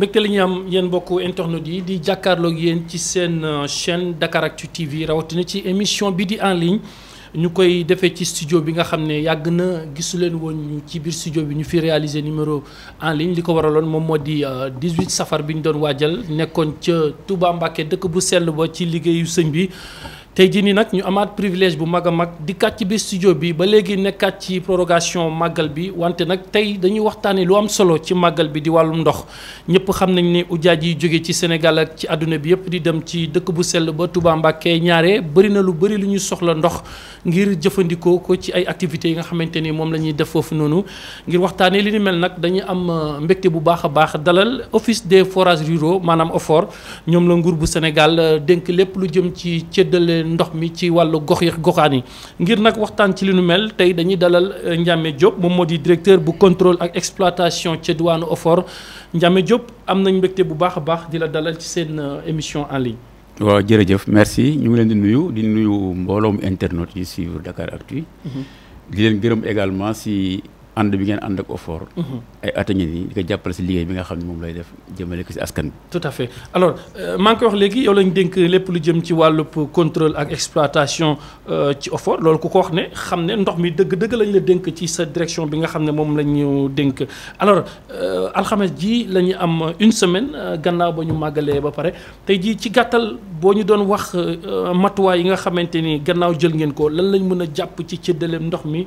mbégte la ñuy am yéen mbokku internet yi di jàkkaarloog yeen ci sen euh, chaîne Dakaractu TV rawatina ci émission bi di en ligne ñu koy defee ci studio bi nga xamné ne yàgg na gisu leen woon ci biir studio bi ñu fi réaliser numéro en ligne liko ko mom modi 18 safar biñ doon wajal nekkon ci Touba Mbacké dëkk bu sel bo ci liggéeyu señ bi. tey jii nii nag ñu amaat privilège bu mag a mag dikkaat ci bi studio bi ba léegi nekkaat ci prorogation màggal bi wante nag tey dañuy waxtaanee lu am solo ci màggal bi di wàllum ndox ñëpp xam nañ ne ujaaj yi jóge ci Sénégal ak ci àdduna bi yëpp di dem ci dëkk bu sell ba Touba Mbacké ñaare bëri na lu bëri lu ñu soxla ndox ngir jëfandikoo ko ci ay activités yi nga xamante ni moom la ñuy def foofu noonu ngir waxtaanee li ni mel nag dañu am euh, mbégte bu baax a baax dalal office des forages ruraux maanaam OFOR ñoom la nguur bu Sénégal euh, dénk lépp lu jëm ci cëddale ndox mi ci walu gox yi goxaan ngir nak waxtan ci li nu mel tay dañuy dalal euh, Ndiamé Diop mom modi directeur bu contrôle ak exploitation ci douane Ofor Ndiamé Diop am nañ mbégte bu baax a baax di dalal ci sen euh, émission en ligne. wa jërëjëf merci ñu ngi leen di nuyu di nuyu mbooloom internet yi suivre Dakar Actu mhm. di leen gërëm également si. ànd bi ngeen ànd ak OFOR. Mhm. ay at a ngi ko jàppale si liggéey bi nga xam ne moom lay def jëmale ko si askan bi. tout à fait alors euh, maa ngi koy wax léegi yow lañ dénk lépp lu jëm ci wàllu wàllub contrôle ak exploitation euh, ci OFOR loolu ku ko wax ne xam ne ndox mi dëgg-dëgg lañ la dénk ci sa direction bi nga xam ne moom la ñu dénk. alors euh, alxames ji la am une semaine gannaaw ba ñu màggalee ba pare tey jii ci gàttal boo ñu doon wax matuwaay yi nga xamante ni gannaaw jël ngeen ko lan lañ mën a jàpp ci cëddaleem ndox mi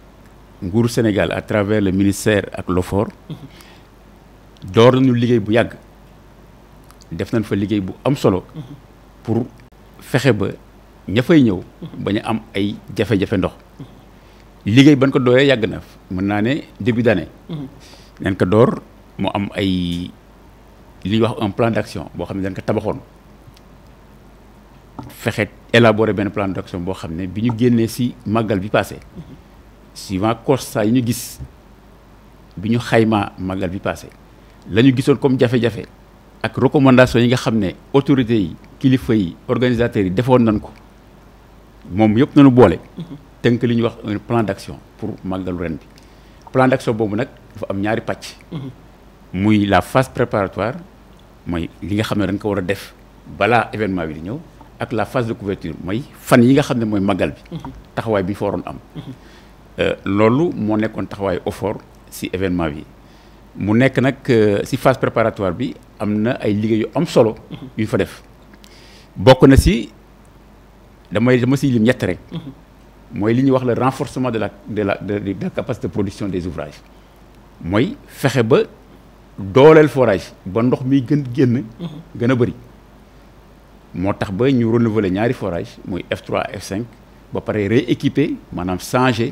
nguuru Sénégal à travers le ministère ak l'OFOR door nañu liggéey bu yàgg def nañ fa bu am solo pour faire ba ña fay ñëw ba ñu am ay jafé jafé ndox liggéey ban ko dooyee yag na mën naa ne début d'année nañ ko door mo am ay li wax un plan d'action bo xamné dañ ko tabaxone fexé élaborer ben plan d'action bo xamné biñu génné ci magal bi passé suivant constat yi ñu gis biñu xayma magal bi passé lañu gissone comme jafé jafé ak recommandation yi nga xamné ne autorités yi kilifa yi organisateurs yi defoon nañ ko mom yop nañu bolé tënk liñ wax un plan d'action pour màggalu ren bi plan d'action bobu nak dafa am ñaari patch muy la phase préparatoire moy li nga xamné dañ ko wara a def bala événement bi di ñëw ak la phase de couverture moy fan yi nga xamné moy magal bi taxaway bi ñu am euh, loolu moo nekkoon taxawaayu OFOR si événement bi mu nekk nag euh, si phase préparatoire bi am na ay liggéey yu am solo. yu fa def bokk na si damay dama si lim ñett rek. mooy li ñu wax le renforcement de la de la de la capacité de production des ouvrages mooy fexe ba dooleel forage ba ndox mi gën génn. gën a bëri. moo tax ba ñu renouveler ñaari forage muy F3 F5 ba pare rééquiper maanaam changer.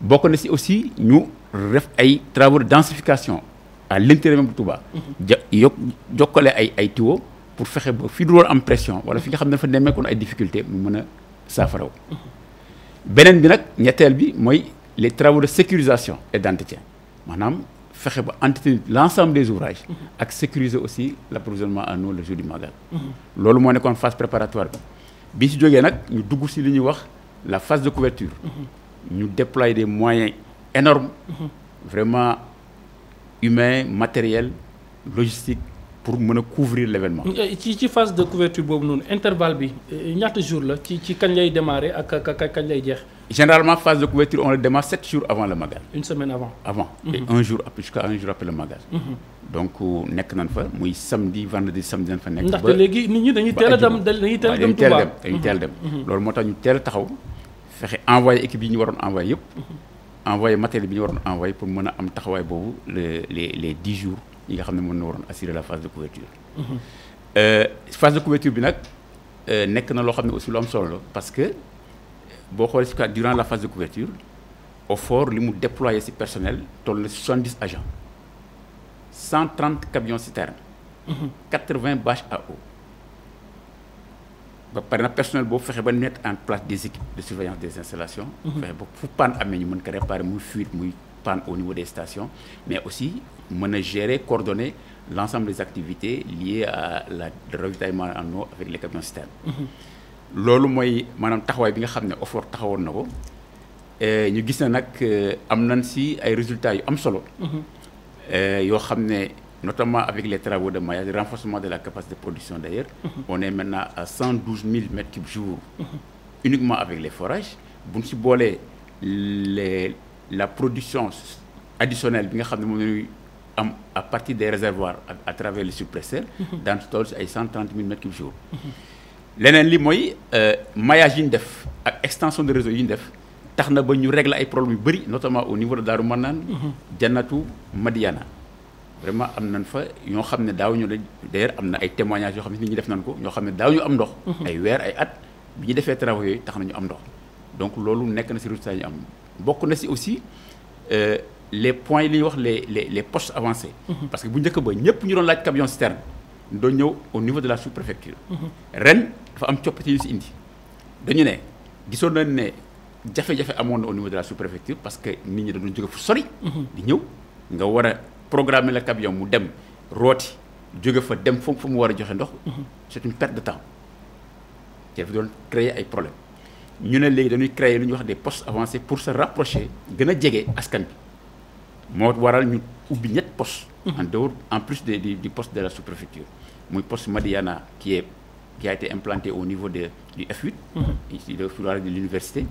bokk na aussi ñu travaux de densification à l'intérieur de tout Touba. monde. Mhm. yokk jokkale ay ay tuyaux pour fexe ba fi du am pression wala fi nga xam ne dafa nemmeekoon ay difficultés mu mën a saafaraw mhm. beneen bi nag ñetteel bi mooy les travaux de sécurisation et d'entretien maanaam fexe ba entretenir l'ensemble des ouvrages mhm. ak sécuriser aussi l'approvisionnement en eau le jour du Magal loolu moo nekkoon phase préparatoire bi bi si jógee ñu dugg li la phase de couverture nous déployons des moyens énormes mhm. vraiment humains matériels logistiques pour couvrir l'événement Quelle euh, ci phase de couverture L'intervalle, noonu intervalle bi euh, ñaata jour la ci ci kañ lay démarrer ak généralement phase de couverture on le démarre 7 jours avant le magasin une semaine avant. avant mhm. et un jour après jusqu'à un jour après le magasin mhm. donc on euh, nañ fa samedi vendredi samedi on fa là ba ndaxte léegi nit ñi dañuy On est là, dañuy est là dañuy Envoyer envoyer équipe bi ñu waroon envoyé yëpp envoyé matériel bi ñu waroon envoyé pour mën a am taxawaay les les les dix jours yi nga xam ne mën assurer la phase de couverture. Euh, phase de couverture bi nag euh, nekk na loo xam ne aussi am solo parce que boo xoolee durant la phase de couverture au fort, mu déployons si personnel toll na si soixante dix agents cent trente camions citernes. quatre vingt bâches à eau. Par une personnel boobu fexe ba mettre en place des équipes de surveillance des installations. Mhm. fexe pour fu panne amee ñu mën ko réparer fuite panne au niveau des stations mais aussi mener, gérer coordonner l'ensemble des activités liées à la ravitaillement en eau avec les camions citernes. Mhm. loolu mooy maanaam taxawaay bi nga xam offert OFOR taxawoon na ko ñu gis na a euh, am nañ ay résultats yu am solo. Mhm. Euh, yo notamment avec les travaux de maillage, le renforcement de la capacité de production d'ailleurs. Mhm. On est maintenant à 112 000 m3 jour, uniquement avec les forages. Bon, si vous les, la production additionnelle, à partir des réservoirs à, travers les suppresseurs dans le total, c'est 130 000 m3 jour. ce li est euh, maillage yi extension de réseau yi nous def réglé na régler problèmes notamment au niveau de Darou Manane. Jannatu mhm. Madiana vraiment am nañ fa ñoo xam ne daaw ñu la d'ailleurs am na ay témoignages yoo xam ne nit ñi def nañ ko ñoo xam ne daaw ñu am ndox mhm. ay weer ay at bi ñu defee travaux yooyu tax nañu am ndox donc loolu nekk na si résultat ñu am bokk na si aussi euh, les points li ñuy wax les les les postes avancés mhm. parce que bu njëkk ba ñëpp ñu doon laaj camion citerne doon ñëw au niveau de la sous-préfecture mhm. ren dafa am coppite yu si indi dañu ne gisoon nañ ne jafe-jafe amoon na au niveau de la sous-préfecture parce que nit ñi dañu jóge fu sori di ñëw nga war a programmer la camion mu dem roti jóge fa dem fum fum wara ndox. Mhm. c'est une perte de temps cest fi doon créer ay problèmes ñu ne léegi dañuy créer wax des postes avancés pour se rapprocher gëna djégé askan bi moo waral ñu ubbi ñet poste mhm. en dehors en plus des du poste de la sous-préfecture muy poste Madiana qui est qui a été implanté au niveau de du F8. Mhm. ici de l'université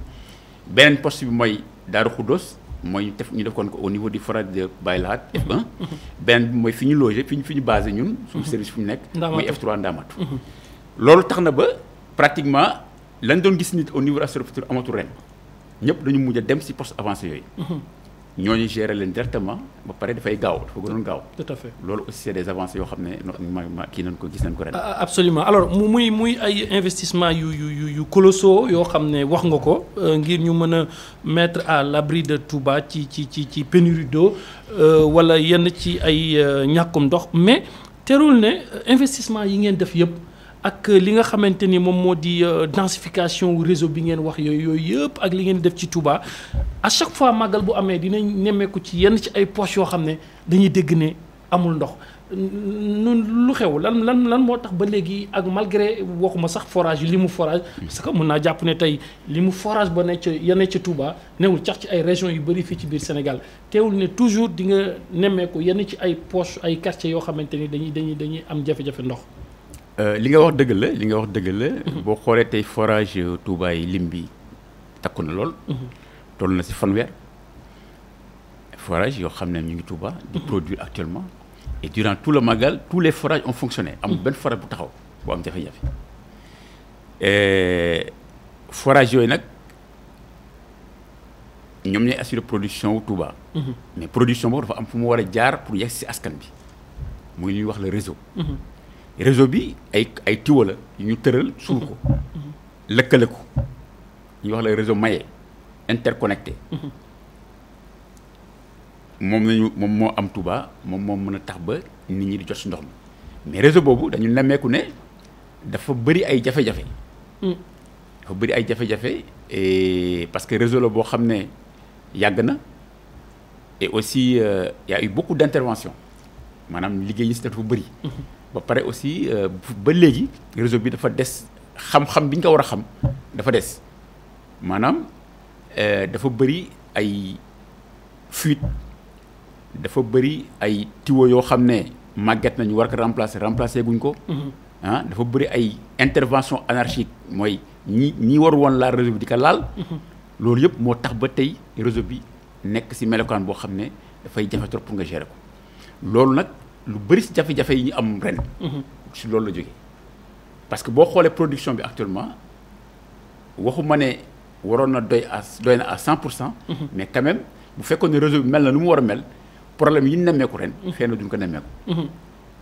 benen poste bi moy Darou Khoudoss moy def ñu defoon ko au niveau du forage de Baylaat F1 benn bi mooy fi ñu logé fi ñu fi basé ñun suñu service fu nek nekk F3 Ndaamatu mhm. loolu taxna ba pratiquement lañ doon gis nit au niveau Assur'Futur amatu ren ñep dañu mujj dem ci poste avancé yoy mhm ñooñu géré leen directement ba pare dafay gaaw dafa gënoon gaaw. tout à fait loolu aussi c'est des avancées yoo xam ne kii nañ ko gis nañ ko ren. Ah, ah, absolument alors muy muy ay investissement yu yu yu colosso yoo xam ne wax nga ko euh, ngir ñu mën a mettre à l'abri de Touba ci ci ci ci pénurie d'eau euh, wala yenn ci ay euh, ñàkkum ndox mais terul ne investissement yi ngeen def yëpp ak li nga xamante ni moom moo di euh, densification réseau bi ngeen wax yooyu yooyu yëpp ak li ngeen def ci Touba à chaque fois màggal bu amee dinañ nemmeeku ci yenn ci ay poches yoo xam ne dañuy dégg ne amul ndox nun lu xew lan lan lan moo tax ba léegi ak malgré waxuma sax forage li mu forage parce que mën naa jàpp ne tey li mu forage ba ne ca ya ci Touba newul cax ci ay régions yu bëri fii ci biir Sénégal teewul ne toujours di nga nemmeeku yenn ci ay poches ay quartiers yoo xamante ni dañuy dañuy dañuy am jafe-jafe ndox euh, li nga wax dëgg la li nga wax dëgg la. boo xoolee tey forage Touba yi lim bi takku na lool. Mhm. toll na si fanweer forage yoo xam ne ñu ngi Touba. di mhm. produire actuellement. et durant tout le Magal tous les forages ont fonctionné. amul mhm. benn forage bu taxaw bu am jafe-jafe. forage yooyu nag ñoom ñooy assurer production wu Touba. mais production boobu dafa am fu mu war a jaar pour yegg si askan bi muy li ñuy wax le réseau réseau bi ay ay tiwa la ñu tëral suul ko lëkkale ko ñu wax la réseau maillé interconnecté moom nañu moom moo am tuba moom moo mën a tax ba nit ñi di jot ndox mi mais réseau boobu dañu nemmeeku ne dafa bëri ay jafe-jafe mm. dafa bëri ay jafe-jafe parce que réseau la boo xam ne yàgg na et aussi il euh, y a eu beaucoup d'intervention maanaam liggéey yi si def dafa bëri mm-hmm ba pare aussi euh, ba léegi réseau bi dafa des xam-xam bi ñu ko war a xam dafa des maanaam euh, dafa bëri ay fuite dafa bëri ay tiwo yoo xam ne màgget nañu war ko remplacer remplacer guñ ko. Mhm. ah dafa bëri ay intervention anarchique mooy ñi ñi war woon laal réseau bi di ko laal. Mhm. loolu yëpp moo tax ba tey réseau bi nekk ci melokaan boo xam ne dafay jafe trop pour nga gérer ko loolu nag lu bëri si jafe-jafe yi am ren. ci mhm. loolu la jógee parce que bo xolé production bi actuellement waxuma né waroon na doy à doy na à 100 mhm. mais quand même bu fekkone ne réseau mel na lu mu war mel problème yi ñu ko ren. Mhm. xëy duñ ko némé ko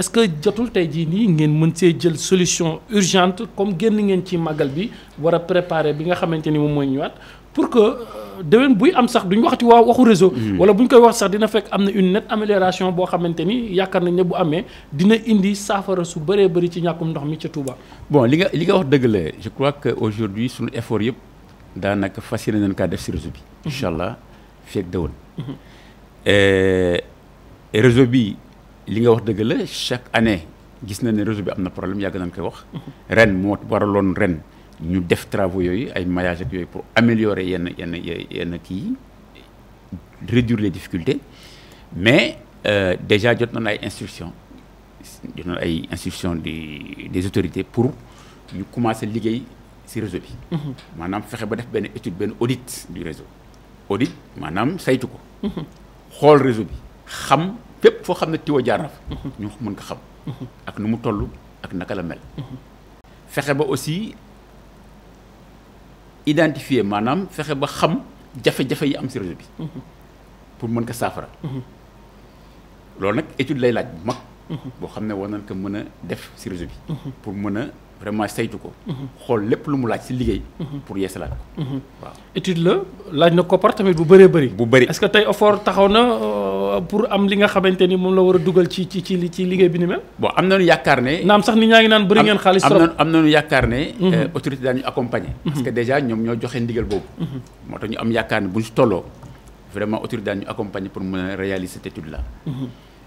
est-ce que jotul tey jii nii ngeen mën see jël solution urgente comme génn ngeen ci magal bi war a préparer bi nga xamante ni moom mooy ñëwaat pour que euh, déwén buy am sax duñ waxati waa waxu réseau. Mm. wala buñ koy wax sax dina fekk am na une nette amélioration boo xamante ni yaakaar nañ ne bu amee dina indi saafara su bëree bëri ci ñàkkum ndox mi ca Touba. bon li nga li nga wax dëgg la je crois que aujourd'hui suñu effort yëpp daanaka fas yéene nañ kaa def si réseau bi. Mm-hmm. incha allah feeg déwén. Mm-hmm. Euh, réseau bi li nga wax dëgg la chaque année gis na ne réseau bi am na problème yàgg nañ koy wax. ren moo waraloon ren ñu def travaux yooyu ay maillage ak yooyu pour améliorer yenn yenn yenn kii réduire les difficultés mais euh, déjà jot nañ ay instructions jot nañ ay instructions di des autorités pour ñu commencer liggéey ci réseau bi. Mhm. maanaam fexe ba def benn étude benn audit du réseau. audit maanaam saytu ko. Mhm. xool réseau bi xam. fépp fo xamne Tiwo jaar ñu mën ko xam ak nu mu tollu ak naka la mel fexe ba aussi identifier manam fexe ba xam jafe-jafe yi am ci réseau bi pour mën ko safara lool nak étude lay laaj mak bo xamne xam ne war ko mën def ci réseau bi pour mëna vraiment saytu ko xol lepp lu mu laaj ci liggey pour yeesalat ko waaw étude la laaj na koppar tamit bu bëree bëri bu bëri est ce que tey effort taxaw na euh, pour am li nga ni moom la war a dugal ci ci ci ci liggéey ni mel bon am nañu yaakaar ne naam sax nit ñaa ngi naan bëri ngeen xaalis trop am nañu yaakaar ne mhm. euh, autorité daañu accompagner mhm. parce que déjà ñoom ñoo joxe ndigal boobu mhm. moo am yaakaar ne bu ñu tolloo vraiment autorité daañu accompagner pour réaliser cette étude là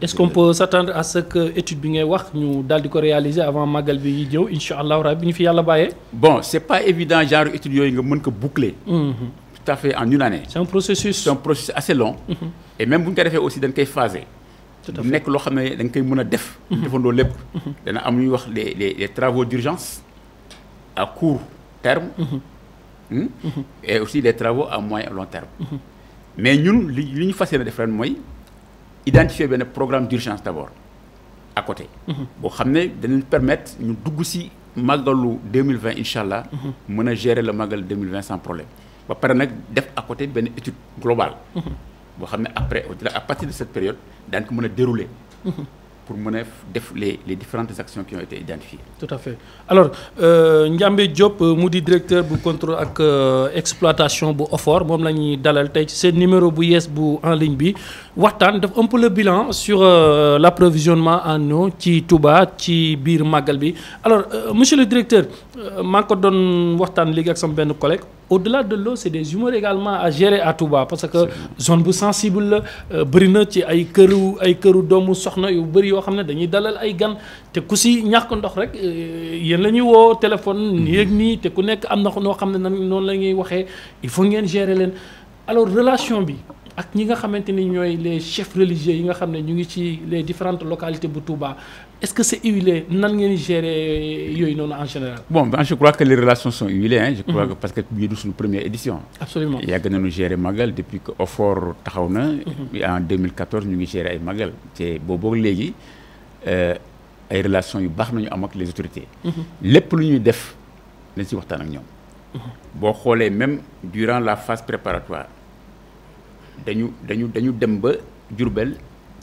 est-ce qu'on peut s'attendre à ce que étude bi ngay wax ñu daal di ko réaliser avant Magal bi yi jëw incha allahu rabi ñu bon c'est pas évident genre étude une nga mën ko boucler. Mm-hmm. tout à fait en une année. c'est un processus c'est un processus assez long. Mm-hmm. et même vous ñu ko aussi dañ koy phaser. bu nekk loo xam ne dañ koy mën a def. Mm-hmm. defandoo am wax les les travaux d'urgence à court terme. Hmm? et aussi les travaux à moyen long terme. mais ñun li li ñu fas yéene def ren identifier le programme d'urgence d'abord à côté. Mhm. boo xam permettre ñu dugg ci 2020 inch'allah, allah. gérer le magasin 2020 sans problème ba pare nag à côté une étude globale. Mhm. boo xam après à partir de cette période nous ko dérouler. Mhm pour mener les, différentes actions qui ont été identifiées. Tout à fait. Alors, euh, Ndiambe Diop, euh, Moudi directeur du contrôle et euh, exploitation de OFOR, c'est le c'est numéro bu yes en ligne bi waxtan un peu le bilan sur euh, l'approvisionnement en eau ci Touba qui bir Magalbi. Alors, monsieur le directeur, je vous donne waxtan un ak nos collègues. collègue au-delà de l'eau c'est des humeurs également à gérer à bas. parce que zone bu sensible la euh, ci ay ay gens doomu dalal te kusi ndox rek gens euh, téléphone mhm. te ku na il faut gérer alors relation ak ñi nga xamante ni ñooy les chefs religieux yi nga xam ne ñu ngi ci les différentes localités bu Touba est-ce que c'est huilé nan ngeen géré yooyu noonu en général. bon ben je crois que les relations sont huilées hein. je crois mhm. que parce que bii du suñu première édition. absolument yàgg nañu géré Magal depuis que OFOR taxaw na. Mhm. en 2014 ñu ngi géré ay Magal te boobu léegi euh, ay relations yu baax nañu am ak les autorités. Mhm. lépp lu ñuy def dañ si waxtaan ak ñoom. boo xoolee même durant la phase préparatoire dañu dañu dañu dem ba Diourbel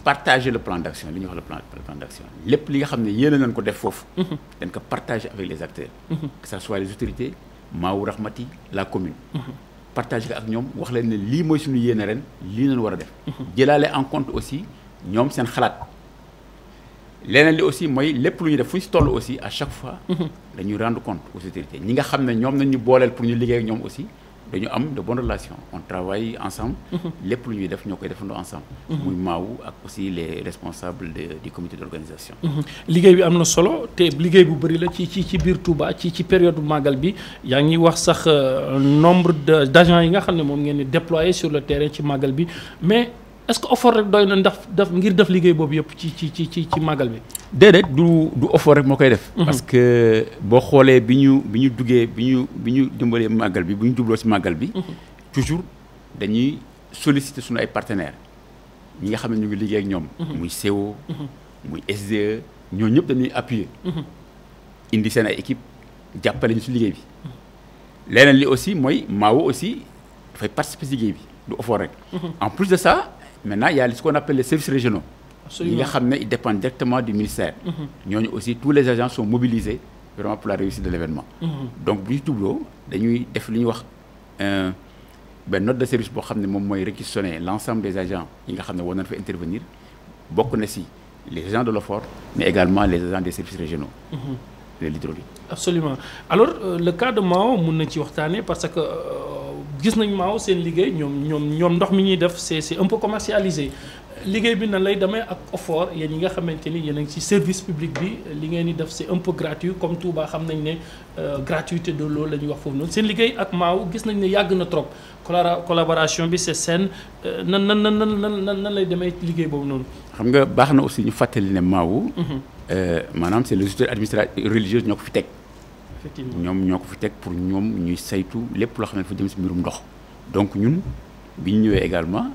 partager le plan d'action. action li wax le plan le plan d' action li nga xamné ne yéene nañ ko def fofu mhm. dañ ko partager avec les acteurs. Mhm. que ça soit les autorités maou Rahmati la commune. Mhm. partager ak ñom wax leen ne li moy suñu yéene ren li ñu wara def. jëlaale en compte aussi ñom seen xalaat. leneen li aussi moy lepp lu ñu def fuñ ñu toll aussi à chaque fois. dañuy rendre compte aux autorités ñi nga xamné ne nañ ñu booleel pour ñu liggéey ak ñom aussi dañu am de bonnes relations on travaille ensemble. Mhm. lépp lu ñuy def ñoo koy defandoo ensemble. Mhm. muy maaw ak aussi les responsables de du comité d' organisation. Mhm. liggéey bi am na solo te liggéey bu bëri la ci ci ci biir Touba ci ci période màggal bi yaa ngi wax sax euh, nombre de d' agents yi nga xam ne moom ngeen di déployer sur le terrain ci màggal bi mais est-ce que rek doyna na ndax daf ngir def liguey bobu yëpp ci ci ci ci magal bi. déedéet du du offer rek moo def. Mhm. parce que bo xolé biñu biñu duggé biñu biñu bi magal bi ñu dimbalee ci magal bi. Mhm. toujours dañuy solliciter suñu ay partenaires ñi nga xamné ne ñu ngi liggéey ak ñom mhm. muy CEO muy SDE ñoo ñep dañuy appuyer. indi sen ay équipe jàppale ñu si liggéey bi. lénen li aussi moy Mawo aussi fay participer ci liguey bi du offer rek. en plus de ça. Maintenant, il y a ce qu'on appelle les services régionaux. Absolument. Il ils dépendent directement du ministère. Nous mhm. aussi, tous les agents sont mobilisés vraiment pour la réussite de l'événement. Mm -hmm. Donc, du tout, nous avons euh, ben, note de service pour réquisitionner l'ensemble des agents qui ont fait intervenir. Beaucoup les agents de l'OFOR, mais également les agents des services régionaux. Mhm. les -hmm. Absolument. Alors, euh, le cas de Mao, nous avons parce que. Euh, gis nañ maaw seen liggéey ñoom ñoom ñoom ndox mi ñuy def c'est c'est un peu commercialisé liggéey bi na lay demee ak effort yéen ñi nga xamante ni yéen a ci service public bi li ngeen di def c'est un peu gratuit comme Touba xam nañ ne euh, gratuité de l'eau la ñuy wax foofu noonu seen liggéey ak maaw gis nañ ne yàgg na trop collaboration bi c'est saine euh, nan nan nan nan nan nan lay demee liggéey boobu noonu. xam nga baax na aussi ñu fàttali ne maaw. Mhm. Euh, maanaam c'est le autorités administratif religieux ñoo ko fi teg ñom ñoko fi tek pour ñom ñuy saytu lepp lo xamné ne dafa jëm si mbirum ndox donc ñun biñ ñëwé également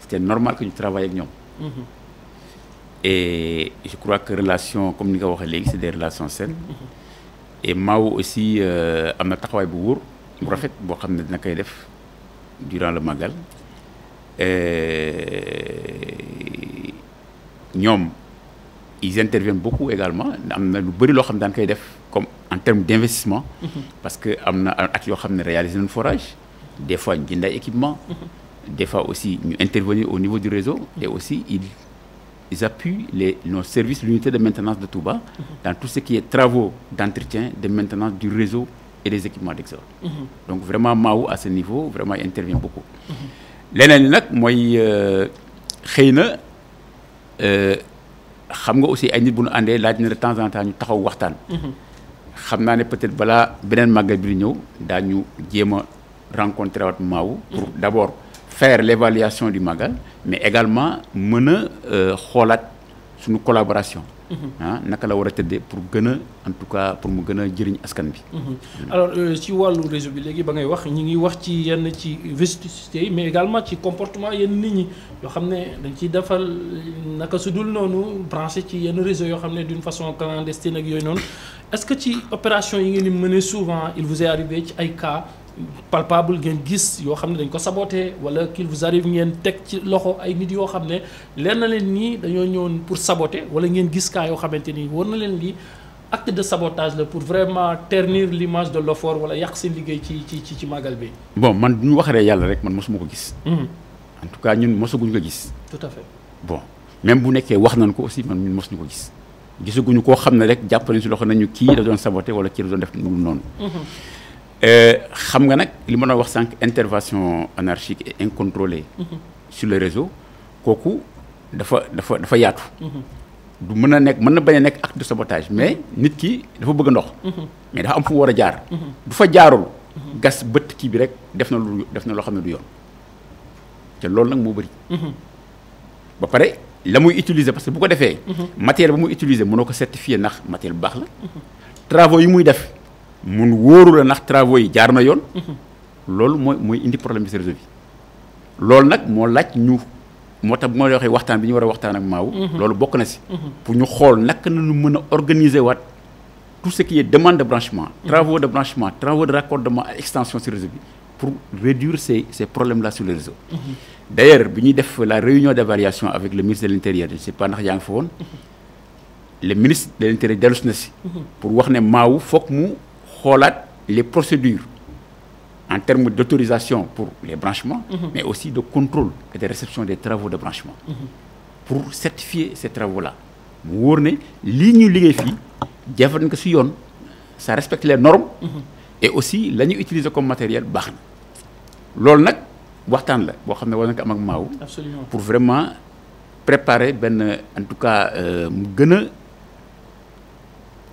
c'était normal que ñu travaille ak ñoom mhm. et je crois que relation comme ni nga waxé légui c'est des relations saines mhm. et Mao aussi euh, am na taxaway bu wour bu rafet bo xamné ne dina koy def durant le magal euh, ñom ils interviennent beaucoup également amna lu bëri lo xamné dañ kay def en termes d'investissement, parce que am na forage. des fois ñu jënd équipement. des fois aussi nous intervenir au niveau du réseau. et aussi ils appuient les, nos services, l'unité de maintenance de Touba, bas dans tout ce qui est travaux d'entretien, de maintenance du réseau et des équipements d'exode Donc vraiment, Mao, à ce niveau, vraiment, intervient beaucoup. L'année moi, euh, euh, aussi de temps en temps xamna né peut-être balaa benen magal bi di ñëw daañu rencontrer, rencontré pour mhm. d'abord faire l'évaluation du magasin, mais également mener une suñu collaboration. Ah, naka la pour en tout cas pour mu jëriñ mhm. alors euh, réseau mais également ci comportement yenn nit ñi dañ naka branché ci yenn réseau d'une façon clandestine est-ce que ci opération yi souvent il vous est arrivé palpable ngeen gis yoo xam ne dañ ko saboté wala qu'il vous arrive ngeen teg ci loxo ay nit yoo xam ne leer na leen nii dañoo ñëwoon pour saboté wala ngeen gis cas yoo xamante ni war na leen lii acte de sabotage la pour vraiment ternir l'image de l'OFOR wala yàq seen liggéey ci ci ci ci màggal bi. bon man bu ñu waxee yàlla rek man mosuma ko gis. Mhm. en tout cas ñun mosaguñu ko gis. tout à fait bon même bu nekkee wax nañ ko aussi man ñun mosuñu ko gis gisaguñu koo xam ne rek jàpp nañ si loxo nañu kii da doon saboté wala kii da doon def noonu. Mhm. Euh, xam nga nag li ma doon wax sànq intervention anarchique et incontrôlée sur le réseau kooku dafa dafa dafa yaatu du mën a nekk mën na bañ a nekk acte de sabotage mais nit ki dafa bëgg ndox mais dafa am fu war a jaar du fa jaarul gas bëtt kii bi rek def na lu def na loo xam ne du yoon te loolu nag moo bëri ba pare la muy utiliser parce que bu ko defee mhm. matériel bu muy utiliser mënoo ko certifier ndax matériel bu baax la travaux yi muy def mun wóoru la nak travaux yi jaar na yoon. loolu moy moy indi problème ci réseau bi. loolu nak mo laaj ñu moo mo waxe ma waxtaan bi ñu wara a waxtaan ak maaw. Mhm. loolu bokk na mhm. pour ñu xool nak ñu organiser wat tout ce qui est demande de branchement. Mhm. travaux de branchement travaux de raccordement ak extension sur réseau bi pour réduire ces ces problèmes là sur le réseau. D'ailleurs, ailleurs bi def la réunion d'évaluation avec le ministre de l'Intérieur, je je sais pas ndax yaa ngi fa le ministre de l'Intérieur intérieur na ci pour wax ne maaw foog mu les procédures en termes d'autorisation pour les branchements mhm. mais aussi de contrôle et de réception des travaux de branchement mhm. pour certifier ces travaux là vous wóor ñu liggéey fii ça respecte les normes mhm. et aussi la utiliser comme matériel baax na loolu nag la pour vraiment préparer en tout cas euh, mu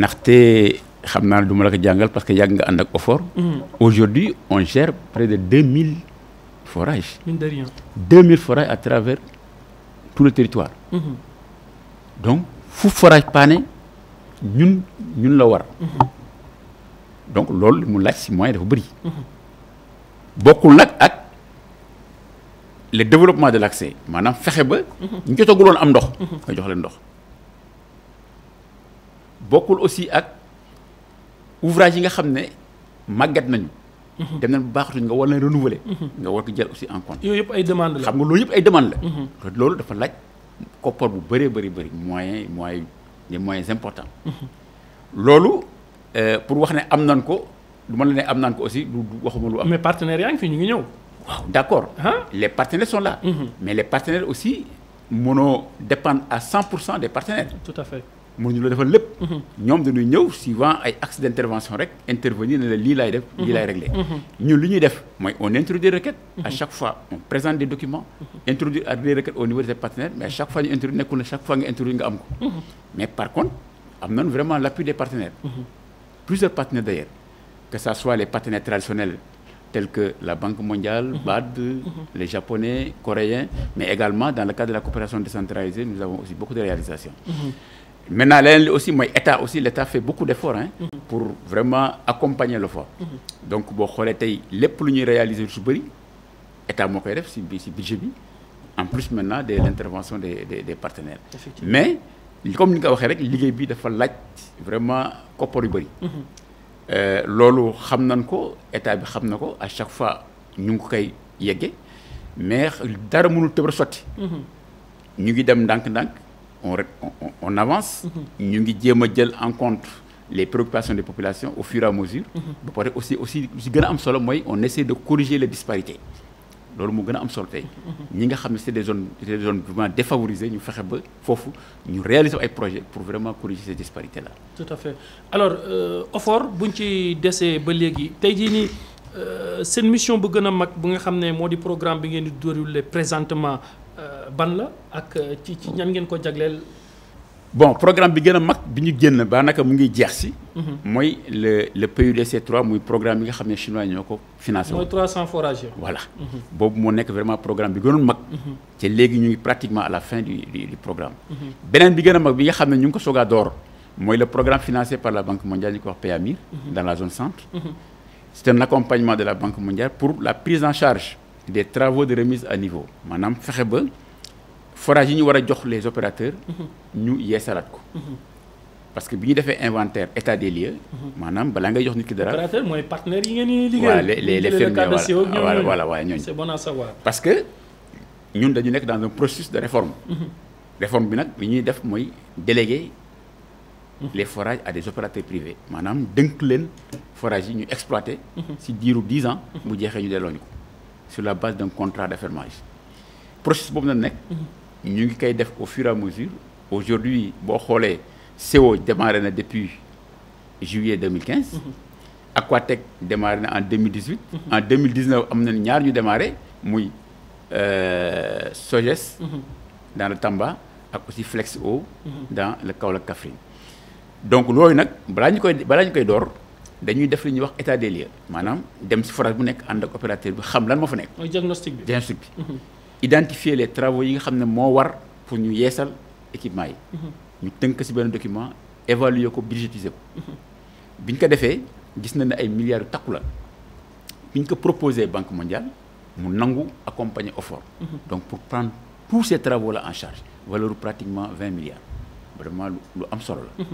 parce que mm. aujourd'hui on gère près de 2000 forages. 2000 forages à travers tout le territoire. Mm-hmm. donc fou forage pané, ñun ñun mm-hmm. donc l'ol mu moyen de Beaucoup mm-hmm. le développement de l'accès Maintenant, ba. ñu am ndox. nga bokul aussi ak ouvrage yi nga xamné magat nañu. Mhm. dem nañ bu tu nga wala renouveler. Mhm. nga war ko jël aussi en compte. yooyu yëpp ay demande la xam nga loolu yëpp ay demande la. Mhm. lolu dafa laaj koppar bu bari bari bari moyen, moyen des moyens importants. euh pour wax né am nañ ko du man la am nañ ko aussi du waxuma lu am. mais partenaires yaa ngi fi ñu ngi ñëw. waaw d'accord ah. les partenaires sont là. mais les partenaires aussi mono dépendent à 100 des partenaires. tout à fait nous la defal lépp. Mhm. ñoom dañuy ñëw suivant ay axes d' intervention rek intervenir ne nous lii fait def. lii mhm. Mhm. ñuy def on introduit des requêtes. à chaque fois on présente des documents. introduit des requêtes au niveau des partenaires mais à chaque fois ñu introduit nekkul ne chaque fois nga introduit mais par contre am a vraiment l'appui des partenaires. plusieurs partenaires d'ailleurs que ça soit les partenaires traditionnels. tels que la Banque mondiale, BAD, les Japonais, Coréens, mais également dans le cadre de la coopération décentralisée, nous avons aussi beaucoup de réalisations maintenant li aussi mooy état aussi l'État fait beaucoup d'efforts hein, mm -hmm. pour vraiment accompagner le fort mm -hmm. donc bon xoolee tey lépp lu ñuy réaliser su bëri état moo koy def si budget bi en plus maintenant de l'intervention des des, des partenaires mais comme ni nga waxee rek liggéey bi dafa vraiment koppar yu bëri mhm. euh, loolu xam nañ ko état bi ko à chaque fois ñu ngi koy mais dara mënul tëb a nous mhm. ñu ngi dem on, on, on avance mhm. nous avons jéem en compte les préoccupations des populations au fur et à mesure mhm. ba pare aussi aussi si am on essaie de corriger les disparités C'est ce gën Nous am solo mhm. Nous des zones des zones vraiment défavorisées ñu fexe ba foofu ñu réaliser ay projets pour vraiment corriger ces disparités là. tout à fait alors au euh, buñ ci desee ba que tey jii euh, mission bu vous avez mag bu nga xam programme bi ngeen di présentement euh, programme mhm. le programme chinois financé. 300 forages voilà C'est mhm. vraiment vraiment programme bi mac, mhm. pratiquement à la fin du programme. le programme financé par la Banque mondiale du Amir, dans la zone centre. c'est un accompagnement de la Banque mondiale pour la prise en charge des travaux de remise à niveau Madame fexe forage nous ñu les opérateurs mhm. ñu yeesalaat ko mhm. parce que bi ñu fait inventaire état des lieux mhm. maanaam balaa ngay jox nit ki dara partenaire yi les les fermiers voilà voilà c'est bon à savoir parce que nous sommes dans un processus de réforme réforme bi que li ñuy déléguer les forages à des opérateurs privés Madame, dënk leen forages des ñu exploités, si ou 10 ans nous avons ñu des lois sur la base d'un contrat d'affermage processus est nag nous ngi fait, au fur et à mesure aujourd'hui le CO démarré depuis juillet 2015 mhm. Aquatec démarré en 2018 mhm. en 2019 am na ñaar démarré muy euh, Soges mhm. dans le Tamba et aussi FLEXO dans le Kaolack Kaffrine donc nous avons fait nous def li ñuy wax état des lieux maanaam dem si forage bu nekk ak opérateur bi xam lan moo fa diagnostic bi diagnostic mhm. identifier les travaux qui nga xam ne moo war pour ñu yeesal équipement yi. Mhm. ñu tënk si benn document évaluer ko budgétiser ko. Mhm. bi a ko defee gis na ne ay milliards la ko proposé banque mondiale mu nangu accompagner fort donc pour prendre tous ces travaux là en charge valeur pratiquement 20 milliards vraiment lu am solo la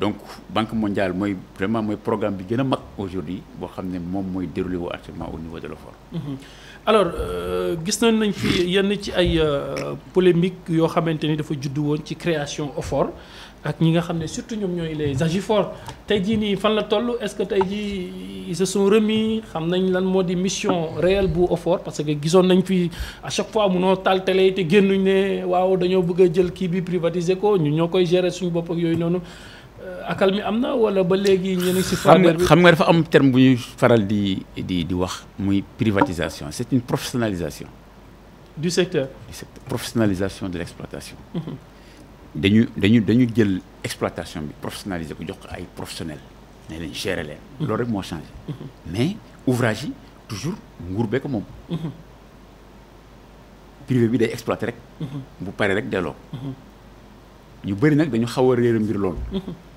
donc banque mondiale moy vraiment moy programme bi gëna mag aujourd'hui bo xamné mom moy mooy déroulé wu actuellement au niveau de l'OFOR mm-hmm. alors euh, gis nañ nañ fi yenn ci ay euh, polémique yo xamanteni dafa juddu won ci création OFOR ak ñi nga xamné surtout ñom ñoy les AGIFOR tey jii ni fan la tollu est-ce que tey ils se sont remis xam nañ lan moo mission réelle bu OFOR parce que gisoon nañ fi à chaque fois munoo taal télé te génnuñ ne waaw dañoo bëgg jël ki bi privatiser ko ñu ñokoy gérer suñu bop ak yoy nonu euh, akalmi amna wala ba léegi ñu ngi si. xam xam nga dafa am terme bu ñuy faral di di di wax muy privatisation c'est une professionnalisation. du secteur du secteur professionnalisation de l'exploitation. Mhm. dañu dañu dañu jël exploitation bi professionnaliser ko jox ko ay professionnel. né leen gérer lé mhm. lool rek mo changé. Mhm. mais ouvrage yi toujours ngourbe ko mom privé bi day exploiter rek. bu paré rek délo ñu bari nak dañu xaw a réer mbir loolu.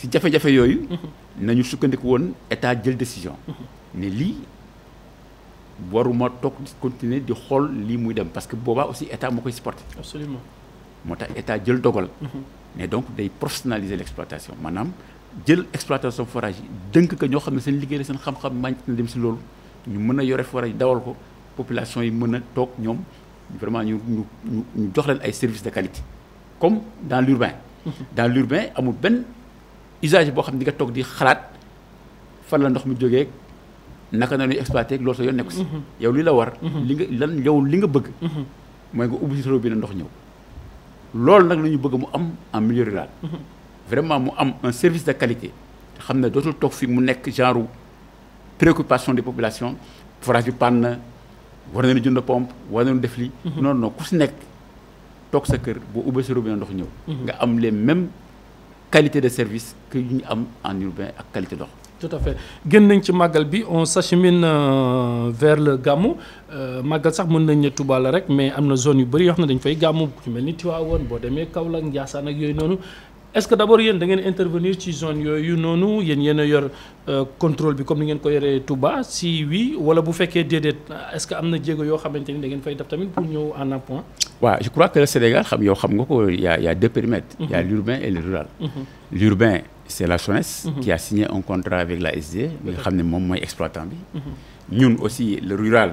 si jafé jafé yoyu, nañu sukkandiku won état jël décision. né li waruma tok continuer di xol li muy dem parce que boba aussi état moo koy supporter. absolument mota état jël dogal. né mhm. donc day professionnaliser l'exploitation. Manam jël exploitation forage deunk dënk ko ñoo xam ne seen liggéey seen xam-xam mànc dem si ñu mëna yoré yore forage dawal ko population yi mëna tok ñom vraiment ñu ñu ñu jox leen ay services de qualité comme dans l'urbain. Mhm. dans l'urbain amul ben usage bo xam nga tok di xalat fa la ndox mi joge naka na une loolu mhm. yow li la war mhm. li nga lan yow li nga bëgg mhm. mooy nga ubbi en milieu vraiment un service de qualité xam ne fi mu nekk genre préoccupation des populations forage panne war nañu de pompe war nañu def li non non ku si nekk toog sa kër boo sa robinet ndox nga les mêmes qualité de service que ñu am en urbain qualité d'eau. tout à fait on s'achemine euh, vers le gamou. Euh, Magal sax mën nañ mais am zone yu gamou, on xam dañ fay ku ci mel ni bo Kaolack Ndiassane ak est-ce que d'abord yéen da dans intervenir ci zone vous noonu yéen yéen a yor euh, contrôle bi comme ni ngeen ko yoree Touba si oui wala bu fekkee dédé est-ce que amna djégo yo yoo da ngeen fay def tamit pour ñëw en appoint. je crois que le Sénégal xam yo xam nga ko y' a y' a deux périmètres. y' a mhm. l'urbain et le rural. Mhm. l'urbain c'est la SONES. Mhm. qui a signé un contrat avec la SD, mais xamné mom ne exploitant bi. ñun aussi le rural.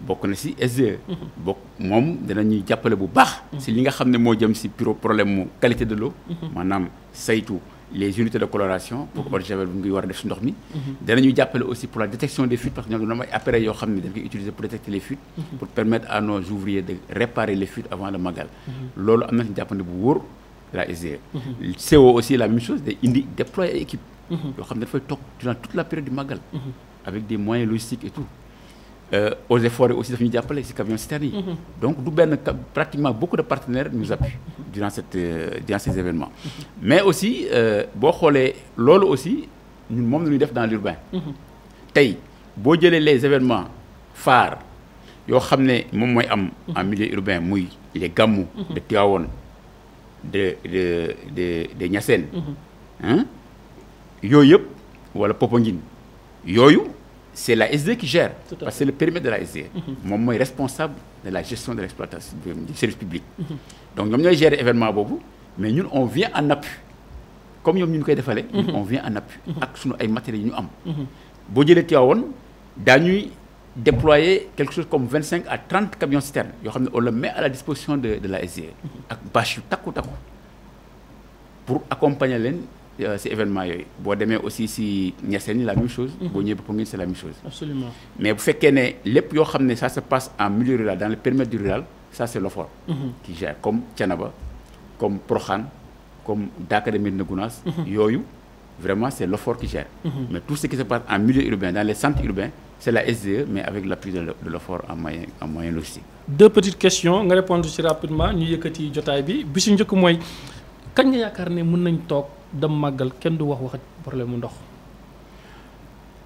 bokk na si SDE. bokk moom danañuy jàppale bu baax. si li nga xam ne moo jëm si pro problème qualité de l'eau maanaam saytu les unités de coloration. pour eau de javel bu ngi war a def si ndox mi. danañu aussi pour la détection des fuites parce que ñoom dañoo am ay appareils yoo xam ne dañ koy utiliser pour détecter les fuites. pour permettre à nos ouvriers de réparer les fuites avant le magal. loolu am na si jàppande bu wóor la SDE. CO aussi la même chose day indi déployer équipe mhm. yoo xam ne dafay toog durant toute la période du magal. Mhm. avec des moyens logistiques et tout. Euh, aux efforts aussi mhm. donc nous pratiquement beaucoup de partenaires nous appuient durant cette euh, durant ces événements. Mhm. mais aussi euh, aussi ñun nous dans l'urbain mhm. les événements phares yo xamné que moy am. en milieu urbain muy les gamou de tiawon de de de de hein, Ou wala c'est la SD qui gère, parce que c'est le périmètre de la SD. je suis responsable de la gestion de l'exploitation du service public. Mhm. donc nous gérons l'événement à Bobo, mais nous, on vient en appui comme nous, mhm. on vient en appui Nous, mhm. sunu nous matériels nous ñu am. boo jëlee Tivaouane daañuy déployer quelque chose comme 25 à 30 camions citernes on le met à la disposition de de la SD. ak bâche pour accompagner euh, c'est événement Si on aussi si niasseni la même chose. Mhm. c'est la même chose. absolument mais vous ça se passe en milieu rural dans le périmètre rural ça c'est l'offre mhm. qui gère comme Tianaba, comme Prohan, comme Dakar de Médina mhm. vraiment c'est l'offre qui gère. mais tout ce qui se passe en milieu urbain dans les centres urbains c'est la SDE mais avec l'appui de l'offre en moyen en logistique. deux petites questions nga répondre aussi rapidement dem magal kenn du wax wax problème ndox.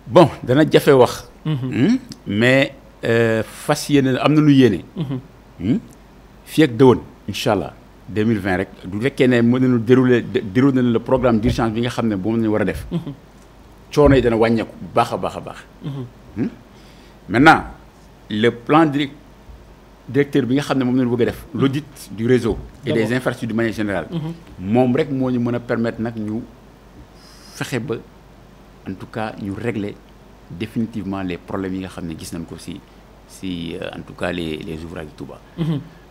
bon dana jafé wax. Mhm. Hmm? mais euh, fas yéene amna na lu yéene. Mhm. Hmm? fii ak dëwën incha allah 2020 rek du fekkee ne mën nañu dérouler dérouler le programme d'urgence bi nga xamné bo moom wara def. Mhm. coono yi dana wàññeeku bu baxa a baax hmm maintenant le plan direct directeur bi nga xam mom lañu bëgg a def mhm. l'audit du réseau et des infrastructures de manière générale mom mhm. rek moo ñu permettre nak ñu fexé ba en tout cas ñu régler définitivement les problèmes yi nga xam gis nañ ko si si euh, en tout cas les les ouvrages de Touba mhm.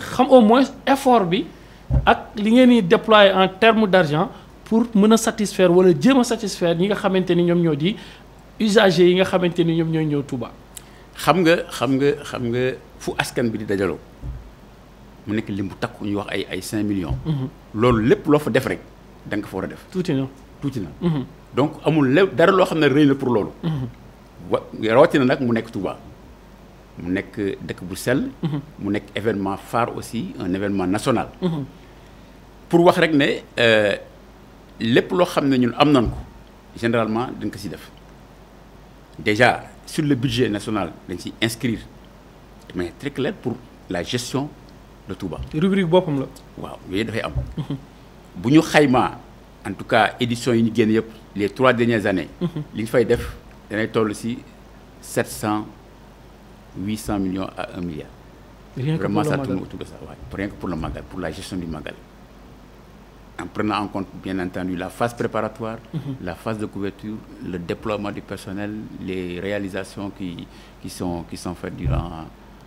xam au moins effort bi ak li ngeen di déployer en terme d' argent pour mën a satisfaire wala jéem a satisfaire ñi nga xamante ni ñoom ñoo di usagers yi nga xamante ni ñoom ñooy ñëw Touba. xam nga xam nga xam nga fu askan bi di dajaloo mu nekk lim bu takku ñu wax ay ay cinq millions. Mhm. loolu lépp loo fa def rek da nga fa war a def. tuuti na tuuti na. Mhm. donc amul dara loo xam ne rëy na pour loolu. Mhm. wa rawatina nag mu nekk Touba mu nekk dëkk bu sell. Mhm. mu nekk événement phare aussi un événement national. Mhm. pour wax rek ne euh, lépp loo xam ne ñun ko généralement dañ ko ci def déjà sur le budget national dañ ciy inscrire de manière très claire pour la gestion de Touba. rubrique boppam la. waaw yooyu dafay am. Mhm. bu ñu xaymaa en tout cas édition yi ñu génn yëpp les trois dernières années. li ñu fay def danay toll ci 700 800 millions à 1 milliard. Rien que pour le tourne pour pour la gestion du Magal. En prenant en compte, bien entendu, la phase préparatoire, mhm. la phase de couverture, le déploiement du personnel, les réalisations qui, sont, qui sont faites durant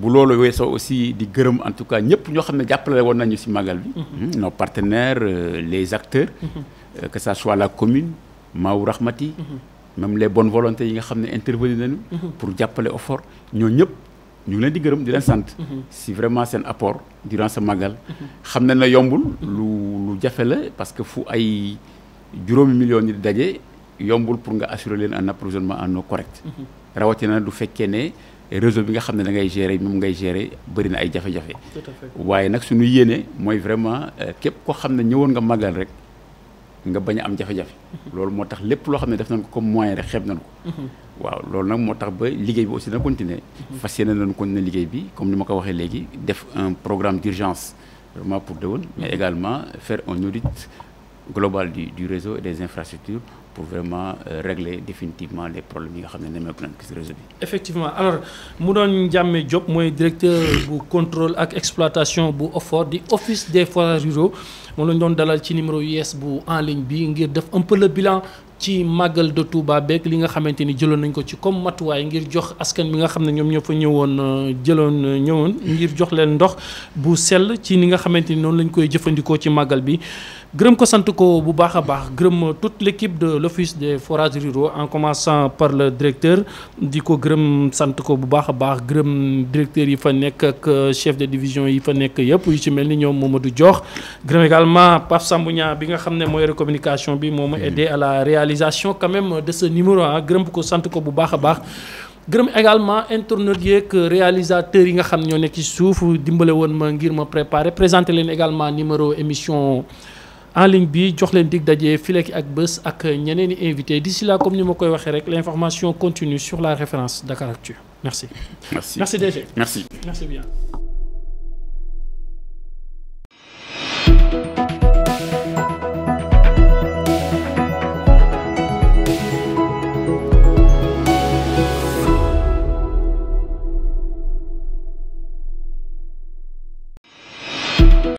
bu loolu weesoo aussi di gérants, en tout cas ñëpp ñoo xam ne jàppale nañu ci magal bi. Mhm. nos partenaires euh, les acteurs. Mhm. Euh, que ça soit la commune Maawu Rahmati. Mhm. même les bonnes volontés qui ont intervenu pour jàppale OFOR ñoo ñëpp ñu ngi leen di gërëm di leen si vraiment c'est un apport durant ce magal. Nous avons la yombul lu lu jafe la parce que fu ay juróomi millions yi daje yombul pour nga assurer un approvisionnement en eau correct. nous du fekkee réseau bi nga xamné da ngay gérer moom ngay gérer bari na ay jafe-jafe waye nak suñu yéné moy vraiment euh, képp ko xamné ne nga magal rek nga baña am jafé jafé mhm. lool motax tax lépp loo xam def nañ ko comme moyen rek xeeb nañ ko mhm. waaw lool nak motax ba liggéey bi aussi na continuer mhm. fas nañ ko na liggéey bi comme nima ko waxé légui def un programme d'urgence vraiment pour déwén mais également faire un audit global du, du réseau et des infrastructures pour vraiment euh, régler définitivement les problèmes yi nga xam ne nemmeeku nañ ko effectivement alors mu doon Ndiamé Diop moi directeur bu contrôle ak exploitation bu OFOR di office des forages ruraux On la ñu dans dalal ci numéro US bu en ligne bi ngir def un peu le bilan. ci magal de Touba bek li nga xamante ni jëloon nañ ko ci comme matuwaay ngir jox askan bi nga xam ñom ñoom ñoo fa ñëwoon euh, jëloon euh, ñëwoon ngir jox leen ndox bu sel ci ni nga xamante non lañ koy jëfëndiko ci magal bi gërëm ko sant ko bu toute l'équipe de l'office des forages ruraux en commençant par le directeur Diko ko Santuko sant ko bu directeur yi fa euh, chef de division yi fa nekk yëpp yu ci mel Mamadou Diokh également Pape Sambou Niang bi nga communication bi moo aider aidé à la réalisation quand même de ce numéro ah gërëm ko sant ko bu également un yeeg que yi nga xam ñoo nekk ci suuf dimbale ma ngir ma préparer présenter également numéro émission en ligne bi jox len dig dajé filekki ak bés ak ñeneen invité d'ici là comme ni ma koy waxé rek l'information continue sur la référence Dakaractu merci. merci merci DG merci. merci bien.